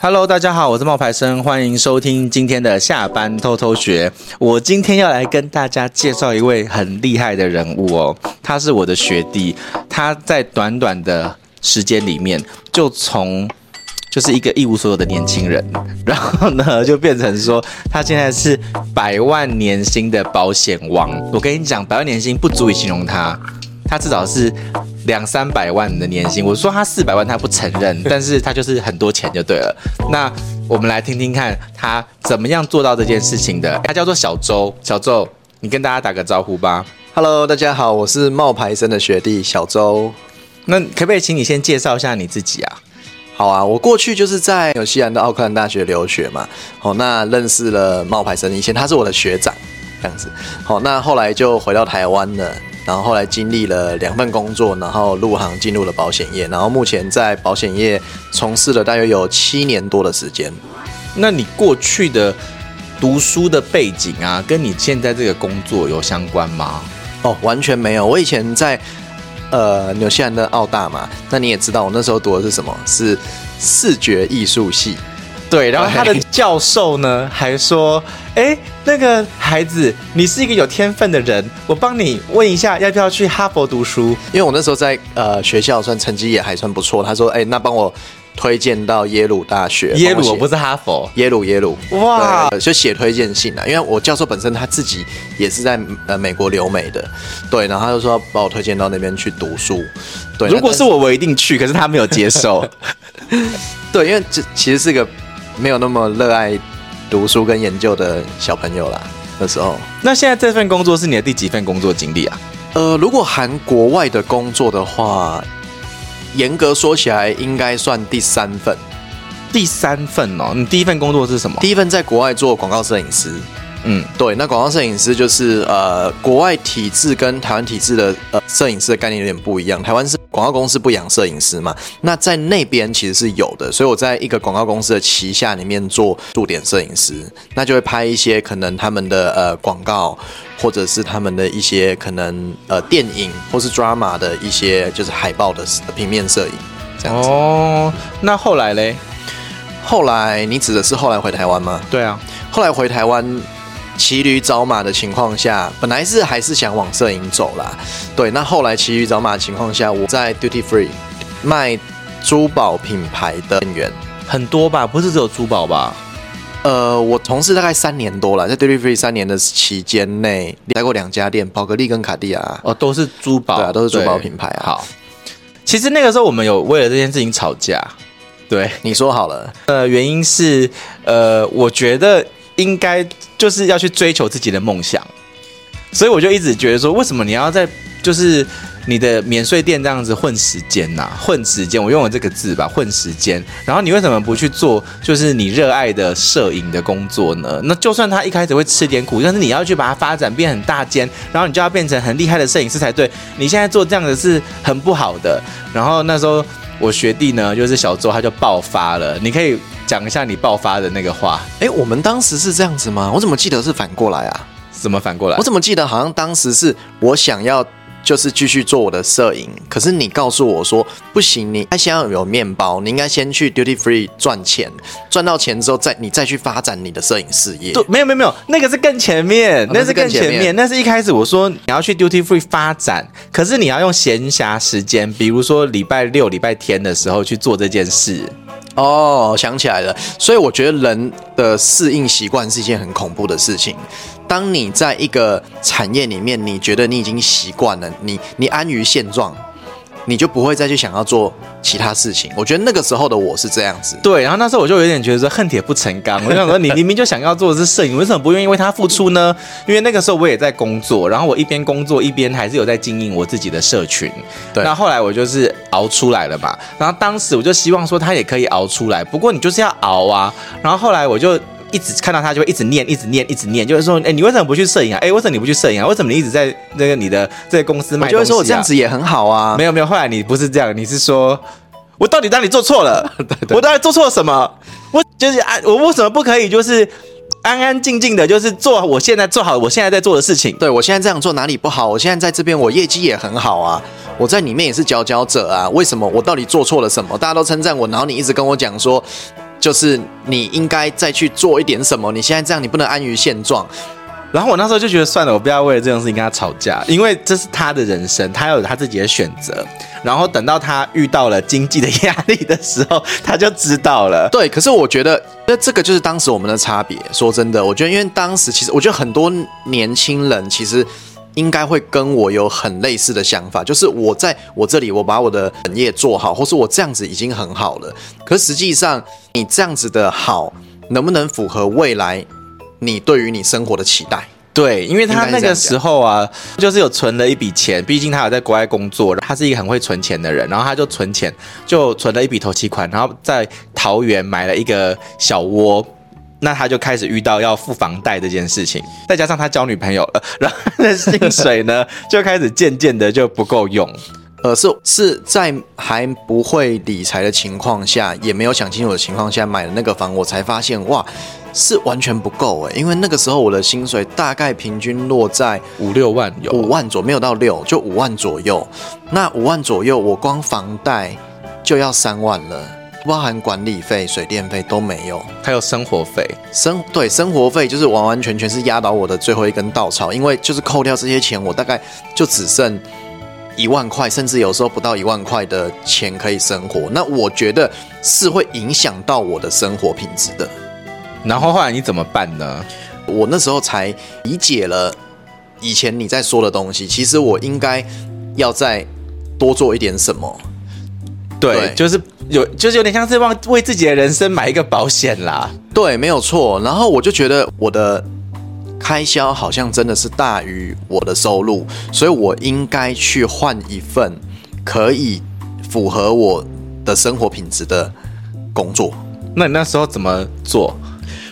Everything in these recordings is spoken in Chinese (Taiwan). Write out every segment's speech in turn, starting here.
Hello，大家好，我是冒牌生，歡迎收聽今天的下班偷偷學。我今天要來跟大家介紹一位很厲害的人物哦，他是我的學弟，他在短短的時間裡面就從就是一個一無所有的年輕人，然後呢，就變成說他現在是百萬年薪的保險王。我跟你講，百萬年薪不足以形容他。他至少是兩三百萬的年薪。我說他四百萬，他不承認，但是他就是很多錢就對了。那我們來聽聽看他怎麼樣做到這件事情的。他叫做小洲，小洲，你跟大家打個招呼吧。Hello，大家好，我是冒牌生的學弟小洲。那可不可以請你先介紹一下你自己啊？好啊，我過去就是在紐西蘭的奧克蘭大學留學嘛。好、哦，那認識了冒牌生以前他是我的學長，這樣子。好、哦，那後來就回到台灣了。然後後來經歷了兩份工作，然後入行進入了保險業，然後目前在保險業從事了大約有七年多的時間。那你過去的讀書的背景啊，跟你現在這個工作有相關嗎？哦，完全沒有。我以前在呃紐西蘭的澳大嘛，那你也知道，我那時候讀的是什麼？是視覺藝術系。對，然後他的教授呢 還說：“哎，那個孩子，你是一個有天分的人，我幫你問一下要不要去哈佛讀書。”因為我那時候在呃學校算成績也還算不錯。他說：“哎，那幫我推薦到耶魯大學。”耶魯我我不是哈佛，耶魯耶魯哇！就寫推薦信啊。因為我教授本身他自己也是在呃美國留美的。對，然後他就說要幫我推薦到那邊去讀書。對，如果是我，是我一定去，可是他沒有接受。 對，因為這其實是一個。沒有那麼熱愛讀書跟研究的小朋友啦。那時候，那現在這份工作是你的第幾份工作經歷啊？呃，如果含國外的工作的話，嚴格說起來應該算第三份。第三份哦，你第一份工作是什麼？第一份在國外做廣告攝影師。嗯，對，那廣告攝影師就是呃，國外體制跟台灣體制的呃，攝影師的概念有點不一樣。台灣是廣告公司不養攝影師嘛，那在那邊其實是有的。所以我在一個廣告公司的旗下裡面做駐點攝影師，那就會拍一些可能他們的呃廣告，或者是他們的一些可能呃電影或是 drama 的一些就是海報的平面攝影這樣子。哦，那後來嘞？後來你指的是後來回台灣嗎？對啊，後來回台灣。騎驢找馬的情況下，本來還是還是想往攝影走啦。對，那後來騎驢找馬的情況下，我在 Duty Free 賣珠寶品牌的店員很多吧？不是只有珠寶吧？呃，我從事大概三年多了，在 Duty Free 三年的期間內，待過兩家店，寶格麗跟卡地亞。哦，都是珠寶，對啊，都是珠寶品牌啊。好，其實那個時候我們有為了這件事情吵架。對，你說好了。呃，原因是呃，我覺得。應該就是要去追求自己的夢想，所以我就一直覺得說，為什麼你要在就是你的免稅店這樣子混時間吶？混時間，我用了這個字吧，混時間。然後你為什麼不去做就是你熱愛的攝影的工作呢？那就算他一開始會吃點苦，但是你要去把它發展變很大間，然後你就要變成很厲害的攝影師才對。你現在做這樣子是很不好的。然後那時候我學弟呢，就是小洲，他就爆發了。你可以。講一下你爆發的那個話。哎、欸，我們當時是這樣子嗎？我怎麼記得是反過來啊？怎麼反過來？我怎麼記得好像當時是我想要。就是繼續做我的攝影，可是你告訴我說不行，你還想要有麵包，你應該先去 duty free 賺錢，賺到錢之後再你再去發展你的攝影事業。對，沒有沒有沒有，那個是更前面，哦，那是更前面，那是一開始我說你要去 duty free 發展，可是你要用閒暇時間，比如說禮拜六、禮拜天的時候去做這件事。哦，想起來了，所以我覺得人的適應習慣是一件很恐怖的事情。當你在一個產業裡面，你覺得你已經習慣了，你你安於現狀，你就不會再去想要做其他事情。我覺得那個時候的我是這樣子，對。然後那時候我就有點覺得說恨鐵不成鋼，我就想說， 你明明就想要做的是攝影，為什麼不願意為他付出呢？因為那個時候我也在工作，然後我一邊工作一邊還是有在經營我自己的社群。對。那後，後來我就是熬出來了吧。然後當時我就希望說他也可以熬出來，不過你就是要熬啊。然後後來我就。一直看到他就會一直念，一直念，一直念，就是說，哎、欸，你為什麼不去攝影啊？哎、欸，為什麼你不去攝影啊？為什麼你一直在那個你的這個公司賣東西啊？我就會說我這樣子也很好啊，沒有沒有。後來你不是這樣，你是說，我到底哪裡做錯了 對對對？我到底做錯了什麼？我就是啊，我為什麼不可以就是安安靜靜的，就是做我現在做好我現在在做的事情？對，我現在這樣做哪裡不好？我現在在這邊我業績也很好啊，我在裡面也是佼佼者啊，為什麼我到底做錯了什麼？大家都稱讚我，然後你一直跟我講說。就是你應該再去做一點什麼，你現在這樣你不能安於現狀。然後我那時候就覺得算了，我不要為了這種事情跟他吵架，因為這是他的人生，他有他自己的選擇。然後等到他遇到了經濟的壓力的時候，他就知道了。對，可是我覺得這個就是當時我們的差別。說真的，我覺得因為當時其實我覺得很多年輕人其實。應該會跟我有很類似的想法，就是我在我這裡，我把我的本業做好，或是我這樣子已經很好了。可實際上，你這樣子的好，能不能符合未來你對於你生活的期待？對，因為他那個時候啊，是就是有存了一筆錢，畢竟他有在國外工作，他是一個很會存錢的人，然後他就存錢，就存了一筆頭期款，然後在桃園買了一個小窩。那他就開始遇到要付房貸這件事情，再加上他交女朋友了，呃，然後那薪水呢 就開始漸漸的就不夠用，呃，是是在還不會理財的情況下，也沒有想清楚的情況下買了那個房，我才發現哇，是完全不夠誒、欸。因為那個時候我的薪水大概平均落在五六萬，有五萬左右，沒有到六，就五萬左右。那五萬左右，我光房貸就要三萬了。包含管理費、水電費都沒有，還有生活費。生對生活費就是完完全全是壓倒我的最後一根稻草，因為就是扣掉這些錢，我大概就只剩一萬塊，甚至有時候不到一萬塊的錢可以生活。那我覺得是會影響到我的生活品質的。然後後來你怎麼辦呢？我那時候才理解了以前你在說的東西，其實我應該要再多做一點什麼。對，就是有，就是有點像是往為自己的人生買一個保險啦。對，沒有錯。然後我就覺得我的開銷好像真的是大於我的收入，所以我應該去換一份可以符合我的生活品質的工作。那你那時候怎麼做？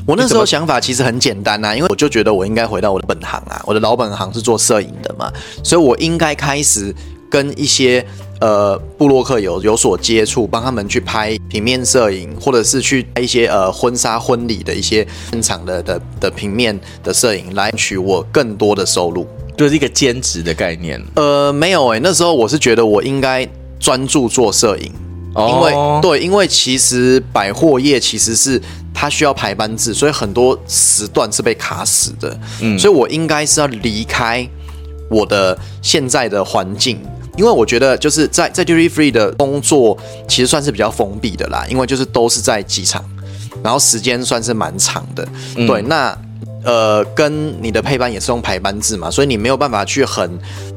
我那時候想法其實很簡單吶啊，因為我就覺得我應該回到我的本行啊，我的老本行是做攝影的嘛，所以我應該開始跟一些。呃，部落客有有所接觸，幫他們去拍平面攝影，或者是去拍一些呃婚紗婚禮的一些現場的的的平面的攝影，來取我更多的收入，就是一個兼職的概念。呃，沒有哎、欸，那時候我是覺得我應該專注做攝影，哦、因為對，因為其實百貨業其實是它需要排班制，所以很多時段是被卡死的，嗯，所以我應該是要離開我的現在的環境。因為我覺得就是在在 Duty Free 的工作其實算是比較封閉的啦，因為就是都是在機場，然後時間算是蠻長的。嗯、對，那呃，跟你的配班也是用排班制嘛，所以你沒有辦法去很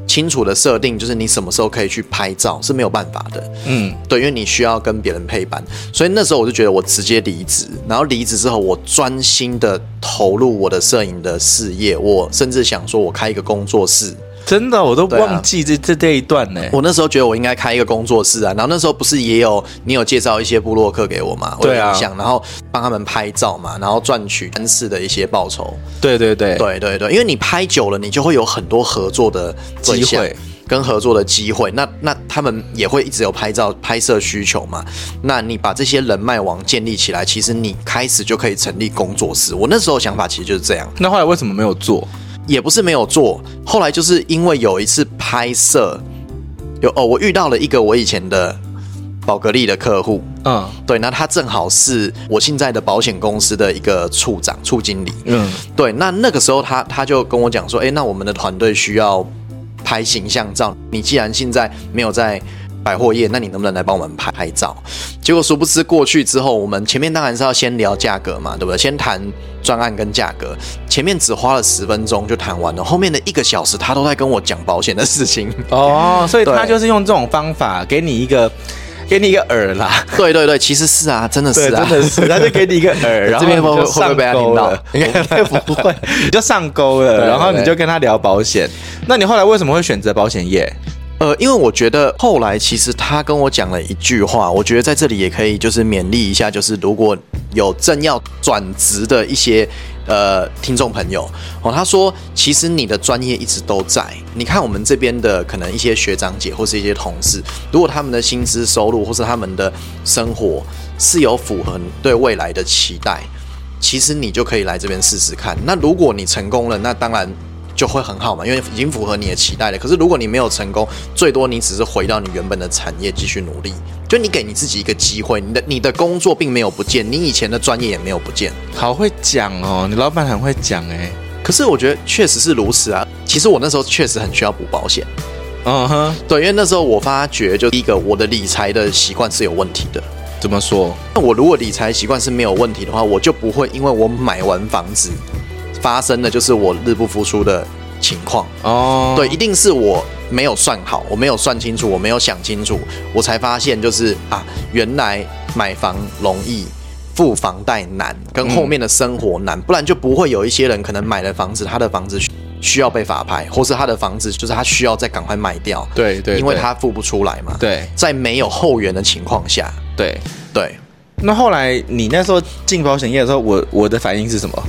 清楚的設定，就是你什麼時候可以去拍照是沒有辦法的。嗯，對，因為你需要跟別人配班，所以那時候我就覺得我直接離職，然後離職之後我專心的投入我的攝影的事業，我甚至想說我開一個工作室。真的，我都忘記這這、啊、這一段呢。我那時候覺得我應該開一個工作室啊，然後那時候不是也有你有介紹一些部落客給我嘛？對啊，我想然後幫他們拍照嘛，然後賺取單次的一些報酬。對對對，對對對，因為你拍久了，你就會有很多合作的機會，跟合作的機會。那那他們也會一直有拍照拍攝需求嘛？那你把這些人脈網建立起來，其實你開始就可以成立工作室。我那時候想法其實就是這樣。那後來為什麼沒有做？也不是沒有做，後來就是因為有一次拍攝，有哦，我遇到了一個我以前的寶格麗的客戶，嗯，對，那他正好是我現在的保險公司的一個處長、處經理，嗯，對，那那個時候他他就跟我講說，哎、欸，那我們的團隊需要拍形象照，你既然現在沒有在。百貨業，那你能不能來幫我們拍拍照？結果殊不知過去之後，我們前面當然是要先聊價格嘛，對不對？先談專案跟價格，前面只花了十分鐘就談完了，後面的一個小時他都在跟我講保險的事情。哦，所以他就是用這種方法給你一個，給你一個餌啦。對對對，其實是啊，真的是啊，真的是，他就給你一個餌，然 後這邊會你了會不會被他聽到？應 不,不會， 你就上鈎了對對對，然後你就跟他聊保險。那你後來為什麼會選擇保險業？呃，因為我覺得後來其實他跟我講了一句話，我覺得在這裡也可以就是勉勵一下，就是如果有正要轉職的一些呃聽眾朋友哦，他說其實你的專業一直都在，你看我們這邊的可能一些學長姐或是一些同事，如果他們的薪資收入或是他們的生活是有符合對未來的期待，其實你就可以來這邊試試看。那如果你成功了，那當然。就會很好嘛，因為已經符合你的期待了。可是如果你沒有成功，最多你只是回到你原本的產業繼續努力。就你給你自己一個機會，你的你的工作並沒有不見，你以前的專業也沒有不見。好會講哦，你老板很會講欸。可是我覺得確實是如此啊。其實我那時候確實很需要補保險。嗯哼，對，因為那時候我發覺，就第一個我的理財的習慣是有問題的。怎麼說？那我如果理財習慣是沒有問題的話，我就不會因為我買完房子。發生的就是我日不敷出的情況哦，對，一定是我沒有算好，我沒有算清楚，我沒有想清楚，我才發現就是啊，原來買房容易，付房貸難，跟後面的生活難，嗯，不然就不會有一些人可能買了房子，他的房子需要被法拍，或是他的房子就是他需要再趕快賣掉，對對，因為他付不出來嘛，對，在沒有後援的情況下，對對，那後來你那時候進保險業的時候，我我的反應是什麼？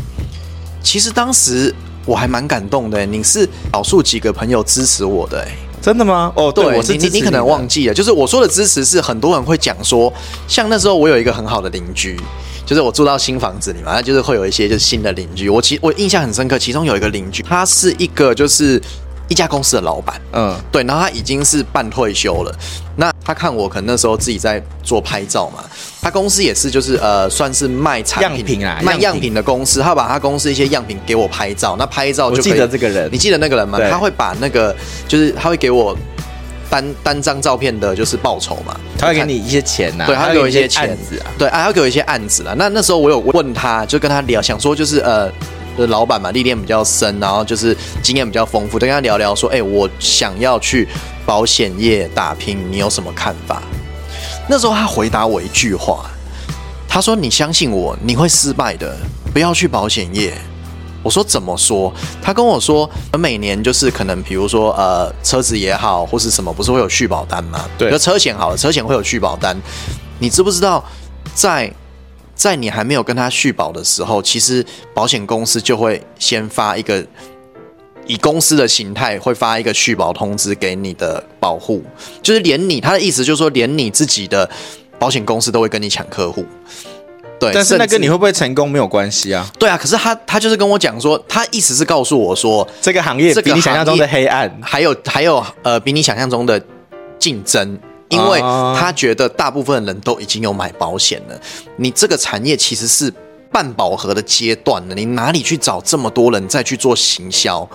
其實當時我還蠻感動的，你是少數幾個朋友支持我的，欸，真的嗎？哦，對，對，我是你你你可能忘記了，就是我說的支持是很多人會講說，像那時候我有一個很好的鄰居，就是我住到新房子裡嘛，那就是會有一些就是新的鄰居。我其我印象很深刻，其中有一個鄰居，他是一個就是一家公司的老闆，嗯，對，然後他已經是半退休了，那。他看我，可能那時候自己在做拍照嘛。他公司也是，就是呃，算是賣產品、樣品啊、樣品，賣樣品的公司。他把他公司一些樣品給我拍照，那拍照就可以，我記得這個人，你記得那個人嗎？他會把那個就是他會給我單單張照片的，就是報酬嘛。他會給你一些錢吶，對，他會給我一些錢，他會給一些案子啊，對，他會要給我一些案子啊。那那時候我有問他，就跟他聊，想說就是呃，就是老闆嘛，歷練比較深，然後就是經驗比較豐富，就跟他聊聊說，欸，我想要去。保險業打拼，你有什麼看法？那時候他回答我一句話，他說：“你相信我，你會失敗的，不要去保險業。”我說：“怎麼說？”他跟我說：“每年就是可能，比如說呃，車子也好或是什麼，不是會有續保單嗎？對，車險好了，車險會有續保單。你知不知道在，在在你還沒有跟他續保的時候，其實保險公司就會先發一個。”以公司的形態會發一個續保通知給你的保戶，就是連你，他的意思就是說，連你自己的保險公司都會跟你搶客戶，對。但是那跟你會不會成功沒有關係啊？對啊，可是他他就是跟我講說，他意思是告訴我說，這個行業比你想象中的黑暗，這個、還有還有呃，比你想象中的競爭，因為他覺得大部分人都已經有買保險了，你這個產業其實是。半飽和的階段呢，你哪裡去找這麼多人再去做行銷？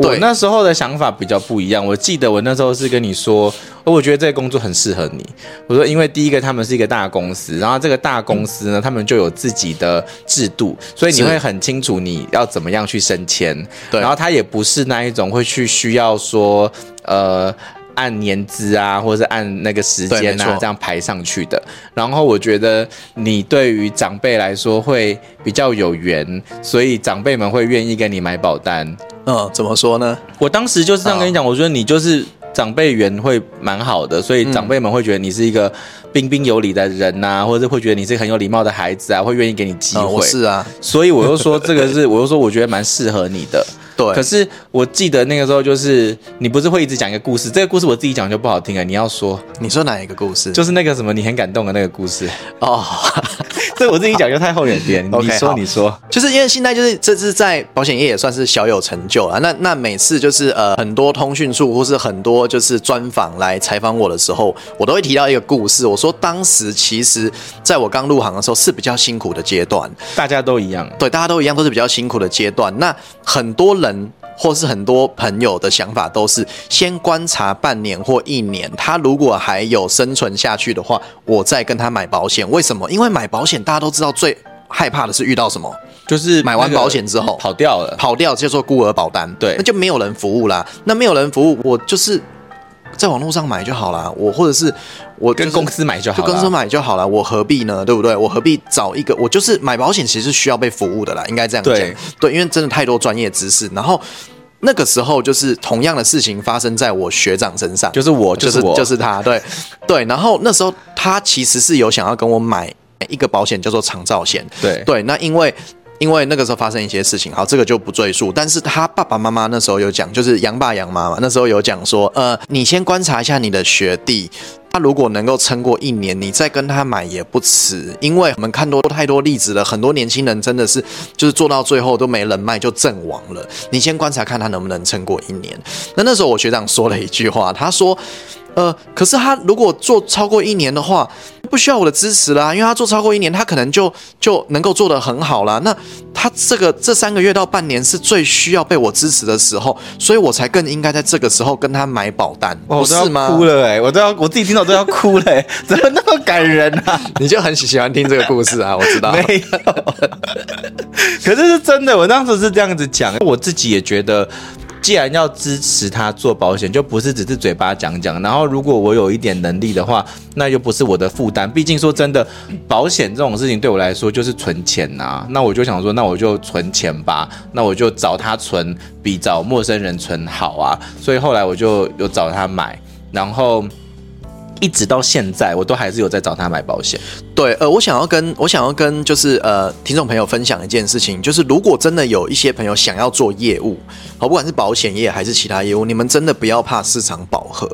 對，我那時候的想法比較不一樣。我記得我那時候是跟你說，我覺得這個工作很適合你。我說，因為第一個他們是一個大公司，然後這個大公司呢、嗯，他們就有自己的制度，所以你會很清楚你要怎麼樣去升遷。對，然後他也不是那一種會去需要說，呃。按年資啊，或是按那個時間啊，這樣排上去的。然後我覺得你對於長輩來說會比較有緣，所以長輩們會願意跟你買保單。嗯，怎麼說呢？我當時就是這樣跟你講，我覺得你就是。長輩緣會蠻好的，所以長輩們會覺得你是一個彬彬有禮的人吶、啊，或者是會覺得你是很有禮貌的孩子啊，會願意給你機會。哦、是啊，所以我又說這個是 我又說我覺得蠻適合你的。對，可是我記得那個時候就是你不是會一直講一個故事，這個故事我自己講就不好聽了，你要說，你說哪一個故事？就是那個什麼你很感動的那個故事哦。哈哈。對我自己講就太後援點，你說 okay, 你說，就是因為現在就是這是在保險業也算是小有成就了。那那每次就是呃很多通訊處或是很多就是專訪來採訪我的時候，我都會提到一個故事。我說當時其實在我剛入行的時候是比較辛苦的階段，大家都一樣，對大家都一樣都是比較辛苦的階段。那很多人。或是很多朋友的想法都是先觀察半年或一年，他如果還有生存下去的話，我再跟他買保險。為什麼？因為買保險大家都知道最害怕的是遇到什麼？就是、那個、買完保險之後跑掉了，跑掉就叫做孤兒保單，對，那就沒有人服務啦。那沒有人服務，我就是在網絡上買就好啦。我或者是。我、就是、跟公司買就好了，就公司買就好了。我何必呢？對不對？我何必找一個？我就是買保險，其實是需要被服務的啦。應該這樣講，對，對，因為真的太多專業知識。然後那個時候，就是同樣的事情發生在我學長身上，就是我，就是我，就是、就是、他。對， 對。然後那時候他其實是有想要跟我買一個保險，叫做長照險。對，對。那因為因為那個時候發生一些事情，好，這個就不贅述。但是他爸爸媽媽那時候有講，就是楊爸楊媽嘛，那時候有講說，呃，你先觀察一下你的學弟。他如果能夠撐過一年，你再跟他買也不遲。因為我們看多，多太多例子了，很多年輕人真的是就是做到最後都沒人脈就陣亡了。你先觀察看他能不能撐過一年。那那時候我學長說了一句話，他說。呃，可是他如果做超過一年的話，不需要我的支持啦，因為他做超過一年，他可能就就能夠做得很好啦。那他這個這三個月到半年是最需要被我支持的時候，所以我才更應該在這個時候跟他買保單，哦，是嗎？哭了、欸，哎，我都要，我自己聽到都要哭了、欸，哎， 怎麼那麼感人啊？你就很喜歡聽這個故事啊？我知道，沒有，可是是真的，我當時是這樣子講，我自己也覺得。既然要支持他做保險，就不是只是嘴巴講講。然後，如果我有一點能力的話，那就不是我的負擔。畢竟說真的，保險這種事情對我來說就是存錢啊。那我就想說，那我就存錢吧。那我就找他存，比找陌生人存好啊。所以後來我就有找他買，然後。一直到現在，我都還是有在找他買保險。對，呃，我想要跟我想要跟就是呃，聽眾朋友分享一件事情，就是如果真的有一些朋友想要做業務，好，不管是保險業還是其他業務，你們真的不要怕市場飽和。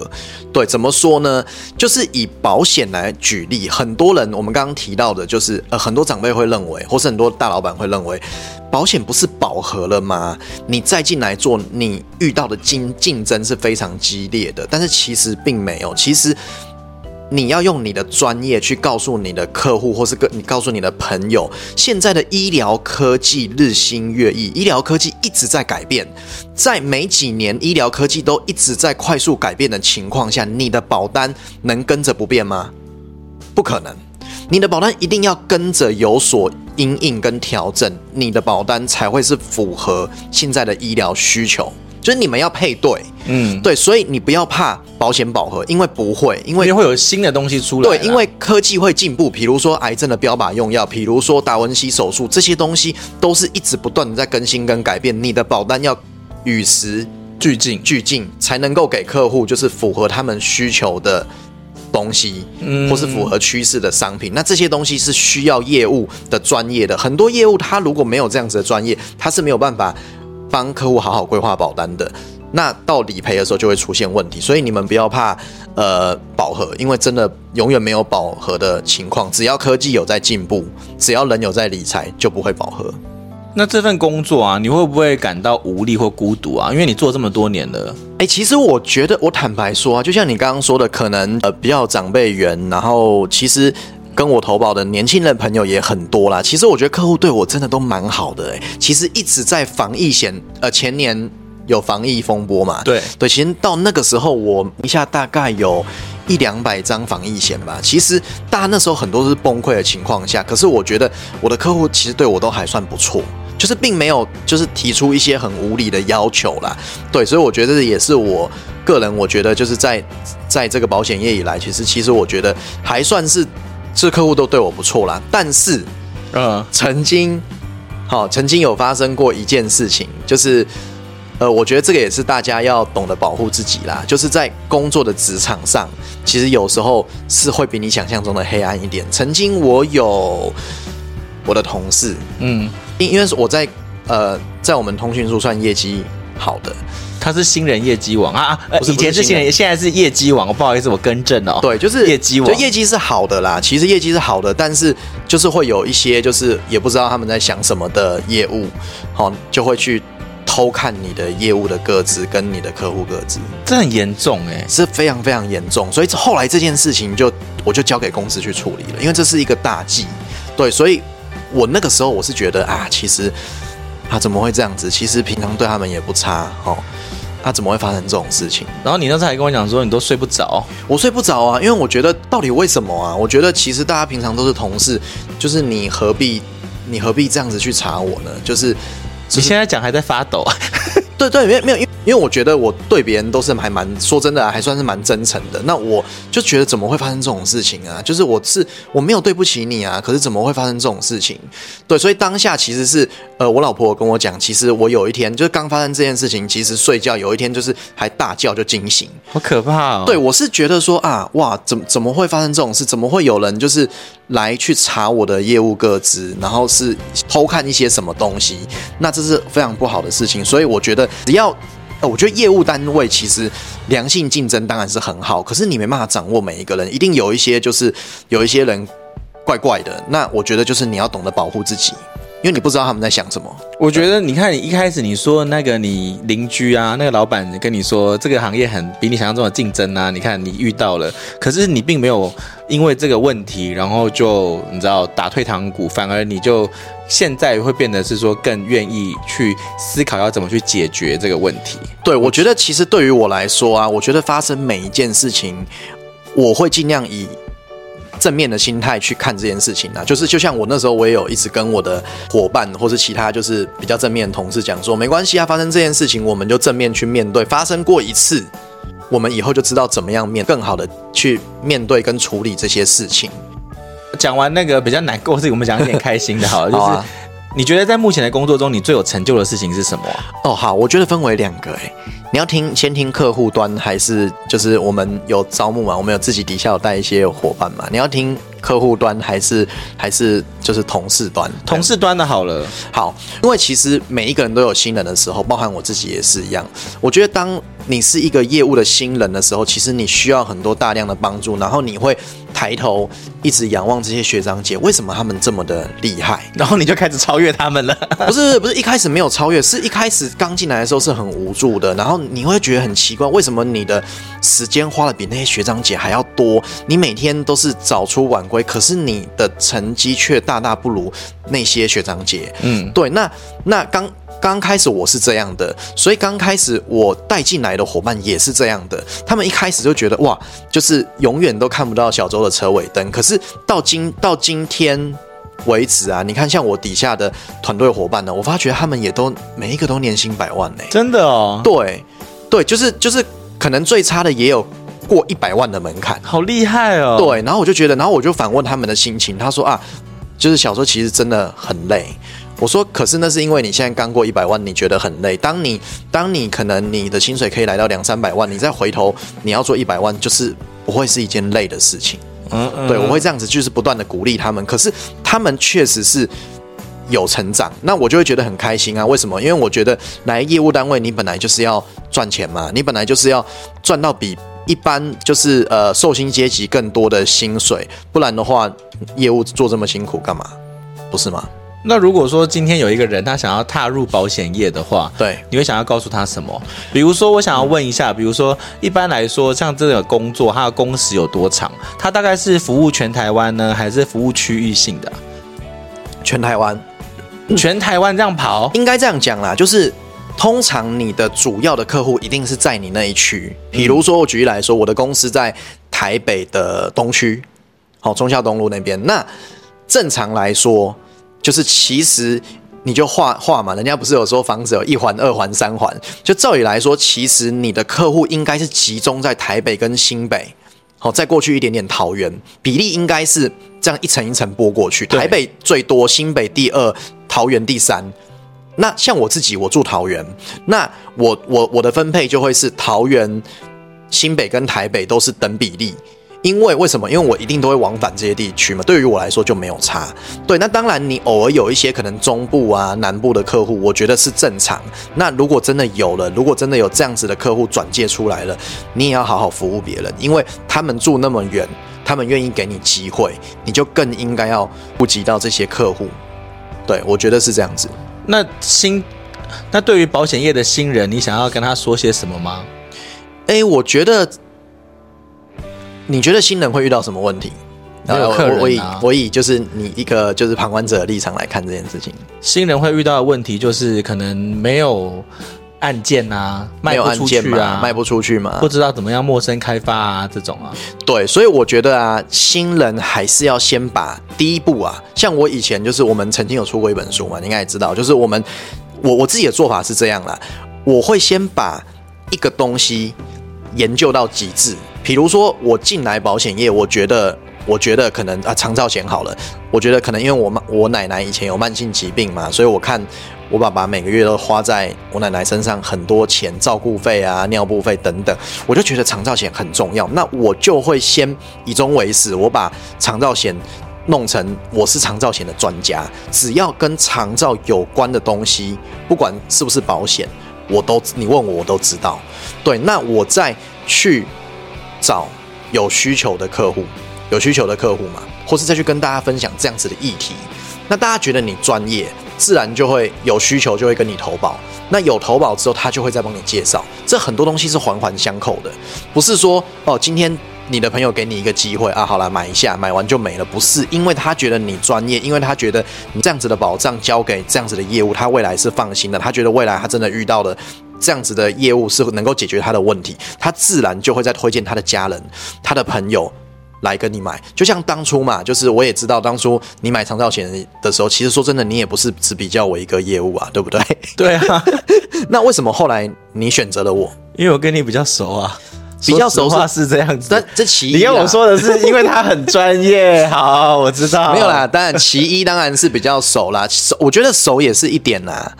對，怎麼說呢？就是以保險來舉例，很多人我們剛剛提到的，就是呃，很多長輩會認為，或是很多大老板會認為，保險不是飽和了嗎？你再進來做，你遇到的競競爭是非常激烈的，但是其實並沒有，其實。你要用你的專業去告訴你的客戶，或是跟你告訴你的朋友，現在的醫療科技日新月異，醫療科技一直在改變，在每幾年醫療科技都一直在快速改變的情況下，你的保單能跟着不變嗎？不可能，你的保單一定要跟着有所因應跟調整，你的保單才會是符合現在的醫療需求。就是你們要配對，嗯，對，所以你不要怕保險飽和，因為不會因為，因為會有新的東西出來，對，因為科技會進步，比如說癌症的標靶用藥，比如說達文西手術，這些東西都是一直不斷的在更新跟改變，你的保單要與時俱進，俱進才能夠給客戶就是符合他們需求的東西，嗯，或是符合趨勢的商品，那這些東西是需要業務的專業的，很多業務他如果沒有這樣子的專業，他是沒有辦法。幫客戶好好規劃保單的，那到理賠的時候就會出現問題，所以你們不要怕，呃，飽和，因為真的永遠沒有飽和的情況，只要科技有在進步，只要人有在理財，就不會飽和。那這份工作啊，你會不會感到無力或孤獨啊？因為你做這麼多年了。誒，其實我覺得，我坦白說啊，就像你剛剛說的，可能呃比較長輩緣，然後其實，跟我投保的年輕人朋友也很多啦。其實我覺得客戶對我真的都蠻好的哎、欸。其實一直在防疫險，呃，前年有防疫風波嘛，對對。其實到那個時候，我名下大概有一兩百張防疫險吧。其實大家那時候很多都是崩潰的情況下，可是我覺得我的客戶其實對我都還算不錯，就是並沒有就是提出一些很無理的要求啦。對，所以我覺得這也是我個人我覺得就是在在這個保險業以來，其實其實我覺得還算是。這客戶都對我不錯啦，但是，嗯、uh.，曾經，好、哦，曾經有發生過一件事情，就是，呃，我覺得這個也是大家要懂得保護自己啦。就是在工作的職場上，其實有時候是會比你想象中的黑暗一點。曾經我有我的同事，嗯，因因為我在呃在我們通訊處算業績。好的，他是新人業績王啊，啊！以前是新人，不是不是新人，現在是業績王。不好意思，我更正哦。對，就是業績王，就業績是好的啦。其實業績是好的，但是就是會有一些，就是也不知道他們在想什麼的業務，好、哦，就會去偷看你的業務的個資跟你的客戶個資。這很嚴重哎、欸，是非常非常嚴重。所以後來這件事情就我就交給公司去處理了，因為這是一個大忌。對，所以我那個時候我是覺得啊，其實。他怎麼會這樣子？其實平常對他們也不差，哦。他、啊、怎麼會發生這種事情？然後你剛才還跟我講說，你都睡不着，我睡不着啊，因為我覺得到底為什麼啊？我覺得其實大家平常都是同事，就是你何必，你何必這樣子去查我呢？就是、就是、你現在講還在發抖、啊， 對對，沒有沒有因為。因為我覺得我對別人都是還蠻說真的啊，還算是蠻真誠的。那我就覺得怎麼會發生這種事情啊？就是我是我沒有對不起你啊，可是怎麼會發生這種事情？對，所以當下其實是呃，我老婆跟我講，其實我有一天就是剛發生這件事情，其實睡覺有一天就是還大叫就驚醒，好可怕哦。對，我是覺得說啊，哇，怎麼怎麼會發生這種事？怎麼會有人就是來去查我的業務個資，然後是偷看一些什麼東西？那這是非常不好的事情。所以我覺得只要。呃、哦，我覺得業務單位其實良性競爭當然是很好，可是你沒辦法掌握每一個人，一定有一些就是有一些人怪怪的，那我覺得就是你要懂得保護自己。因為你不知道他們在想什麼。我覺得，你看，你一開始你說那個你鄰居啊，那個老闆跟你說這個行業很比你想象中的競爭啊，你看你遇到了，可是你並沒有因為這個問題，然後就你知道打退堂鼓，反而你就現在會變得是說更願意去思考要怎麼去解決這個問題。對，我覺得其實對於我來說啊，我覺得發生每一件事情，我會盡量以。正面的心態去看這件事情啊，就是就像我那時候，我也有一直跟我的伙伴或是其他就是比較正面的同事講說，沒關係啊，發生這件事情，我們就正面去面對。發生過一次，我們以後就知道怎麼樣面更好的去面對跟處理這些事情。講完那個比較難過的事情，我們講一點開心的好了， 好啊，就是。你覺得在目前的工作中，你最有成就的事情是什麼啊？哦，好，我覺得分為兩個誒。你要聽先聽客戶端，還是就是我們有招募嘛？我們有自己底下有帶一些夥伴嘛？你要聽客戶端，還是還是就是同事端？同事端的好了，好，因為其實每一個人都有新人的時候，包含我自己也是一樣。我覺得當你是一個業務的新人的時候，其實你需要很多大量的幫助，然後你會。抬頭一直仰望這些學長姐，為什麼他們這麼的厲害？然後你就開始超越他們了。 不是不是，一開始沒有超越，是一開始剛進來的時候是很無助的。然後你會覺得很奇怪，為什麼你的時間花的比那些學長姐還要多？你每天都是早出晚歸，可是你的成績卻大大不如那些學長姐。嗯，對，那那剛。剛開始我是這樣的，所以剛開始我帶進來的伙伴也是這樣的，他們一開始就覺得哇，就是永遠都看不到小洲的車尾燈。可是到今到今天為止啊，你看像我底下的團隊伙伴呢，我發覺他們也都每一個都年薪百萬欸，真的哦，對對，就是就是，可能最差的也有過一百萬的門檻，好厲害哦。對，然後我就覺得，然後我就反問他們的心情，他說啊，就是小洲其實真的很累。我說，可是那是因為你現在剛過一百萬，你覺得很累。當你當你可能你的薪水可以來到兩三百萬，你再回頭你要做一百萬，就是不會是一件累的事情。嗯，對我會這樣子，就是不斷的鼓勵他們。可是他們確實是有成長，那我就會覺得很開心啊。為什麼？因為我覺得來業務單位，你本來就是要賺錢嘛，你本來就是要賺到比一般就是呃受薪階級更多的薪水，不然的話，業務做這麼辛苦幹嘛？不是嗎？那如果說今天有一個人他想要踏入保險業的話，對，你會想要告訴他什麼？比如說，我想要問一下，嗯、比如說，一般來說像這個工作，它的工時有多長？它大概是服務全台灣呢，還是服務區域性的？全台灣，嗯、全台灣這樣跑，應該這樣講啦。就是通常你的主要的客戶一定是在你那一區。嗯、比如說，我舉例來說，我的公司在台北的東區，好，忠孝東路那邊。那正常來說。就是其實你就畫畫嘛，人家不是有說房子有一環、二環、三環，就照理來說，其實你的客戶應該是集中在台北跟新北，好、哦，再過去一點點桃園，比例應該是這樣一層一層撥過去，台北最多，新北第二，桃園第三。那像我自己，我住桃園，那我我我的分配就會是桃園、新北跟台北都是等比例。因為為什麼？因為我一定都會往返這些地區嘛。對於我來說就沒有差。對，那當然，你偶爾有一些可能中部啊、南部的客戶，我覺得是正常。那如果真的有了，如果真的有這樣子的客戶轉介出來了，你也要好好服務別人，因為他們住那麼遠，他們願意給你機會，你就更應該要顧及到這些客戶。對，我覺得是這樣子。那新，那對於保險業的新人，你想要跟他說些什麼嗎？誒，我覺得。你覺得新人會遇到什麼問題？啊、然後我，我，我以我以就是你一個就是旁觀者的立場來看這件事情，新人會遇到的問題就是可能沒有案件啊有，賣不出去啊，賣不出去嘛，不知道怎麼樣陌生開發啊這種啊。對，所以我覺得啊，新人還是要先把第一步啊，像我以前就是我們曾經有出過一本書嘛，你應該也知道，就是我們我我自己的做法是這樣啦，我會先把一個東西研究到極致。比如說，我進來保險業，我覺得，我覺得可能啊，長照險好了。我覺得可能，因為我媽、我奶奶以前有慢性疾病嘛，所以我看我爸爸每個月都花在我奶奶身上很多錢，照顧費啊、尿布費等等，我就覺得長照險很重要。那我就會先以終為始，我把長照險弄成我是長照險的專家，只要跟長照有關的東西，不管是不是保險，我都你問我我都知道。對，那我再去。找有需求的客戶，有需求的客戶嘛，或是再去跟大家分享這樣子的議題，那大家覺得你專業，自然就會有需求，就會跟你投保。那有投保之後，他就會再幫你介紹。這很多東西是環環相扣的，不是說哦，今天你的朋友給你一個機會啊，好了，買一下，買完就沒了。不是，因為他覺得你專業，因為他覺得你這樣子的保障交給這樣子的業務，他未來是放心的。他覺得未來他真的遇到了。這樣子的業務是能夠解決他的問題，他自然就會再推薦他的家人、他的朋友來跟你買。就像當初嘛，就是我也知道，當初你買長照險的時候，其實說真的，你也不是只比較我一個業務啊，對不對？對啊。 那為什麼後來你選擇了我？因為我跟你比較熟啊。比較熟啊，是這樣子，但這其一你跟我說的是，因為他很專業。 好，我知道。沒有啦，當然，其一當然是比較熟啦。我覺得熟也是一點啦。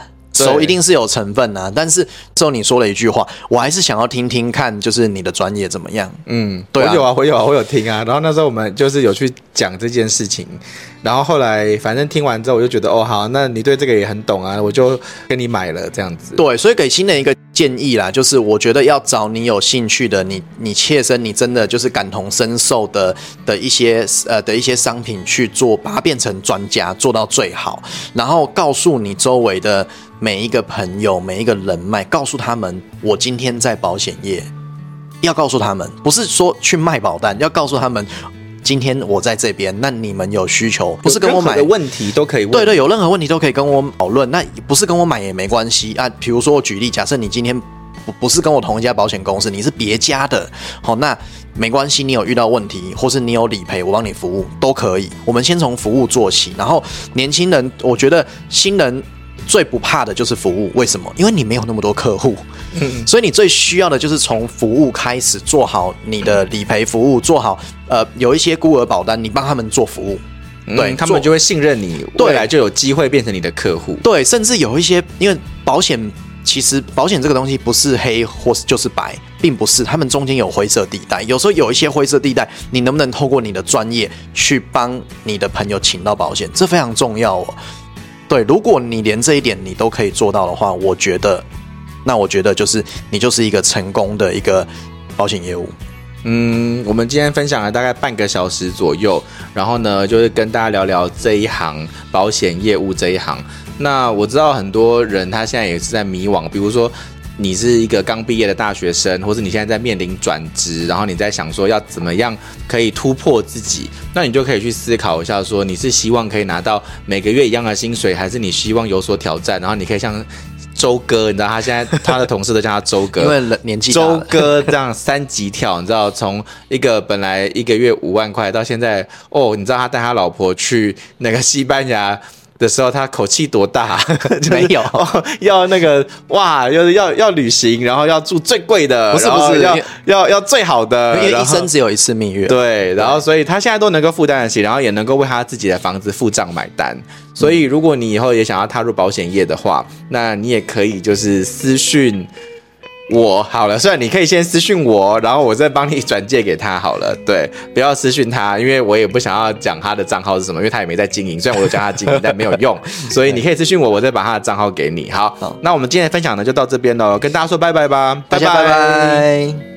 手一定是有成分啊，但是之後你說了一句話，我還是想要聽聽看，就是你的專業怎麼樣？嗯，對啊，我有啊，我有啊，我有聽啊，然後那時候我們就是有去講這件事情。然後後來，反正聽完之後，我就覺得哦好，那你對這個也很懂啊，我就跟你買了這樣子。對，所以給新人一個建議啦，就是我覺得要找你有興趣的，你你切身你真的就是感同身受的的一些呃的一些商品去做，把它變成專家，做到最好，然後告訴你周圍的每一個朋友、每一個人脈，告訴他們我今天在保險業，要告訴他們，不是說去賣保單，要告訴他們。今天我在這邊，那你們有需求，不是跟我買的問題都可以問。對對，有任何問題都可以跟我討論。那不是跟我買也沒關係啊。比如說我舉例，假設你今天不不是跟我同一家保險公司，你是別家的，好、哦，那沒關係。你有遇到問題，或是你有理賠，我幫你服務都可以。我們先從服務做起，然後年輕人，我覺得新人。最不怕的就是服務，為什麼？因為你沒有那麼多客戶，嗯、所以你最需要的就是從服務開始做好你的理賠服務，做好呃，有一些孤兒保單，你幫他們做服務，嗯、對，他們就會信任你，未來就有機會變成你的客戶。對，對，甚至有一些，因為保險其實保險這個東西不是黑或就是白，並不是，他們中間有灰色地帶，有時候有一些灰色地帶，你能不能透過你的專業去幫你的朋友請到保險，這非常重要哦。對，如果你連這一點你都可以做到的話，我覺得，那我覺得就是你就是一個成功的一個保險業務。嗯，我們今天分享了大概半個小時左右，然後呢，就是跟大家聊聊這一行保險業務這一行。那我知道很多人他現在也是在迷惘，比如說。你是一個剛畢業的大學生，或者你現在在面臨轉職，然後你在想說要怎麼樣可以突破自己，那你就可以去思考一下，說你是希望可以拿到每個月一樣的薪水，還是你希望有所挑戰，然後你可以像洲哥，你知道他現在他的同事都叫他洲哥， 因為年紀洲哥這樣三級跳，你知道從一個本來一個月五萬塊到現在哦，你知道他帶他老婆去那個西班牙。的時候，他口氣多大？沒有，要那個哇，要要要旅行，然後要住最貴的，不是不是，要要要最好的，因為，因為一生只有一次蜜月。對，然後所以他現在都能夠負擔得起，然後也能夠為他自己的房子付賬買單。所以，如果你以後也想要踏入保險業的話，那你也可以就是私訊我好了，算了，你可以先私訊我，然後我再幫你轉借給他好了。對，不要私訊他，因為我也不想要講他的賬號是什麼，因為他也沒在經營，雖然我有講他經營， 但沒有用。所以你可以私訊我，我再把他的賬號給你。好，好，那我們今天的分享呢，就到這邊嘍，跟大家說拜拜吧，謝謝拜拜。拜拜。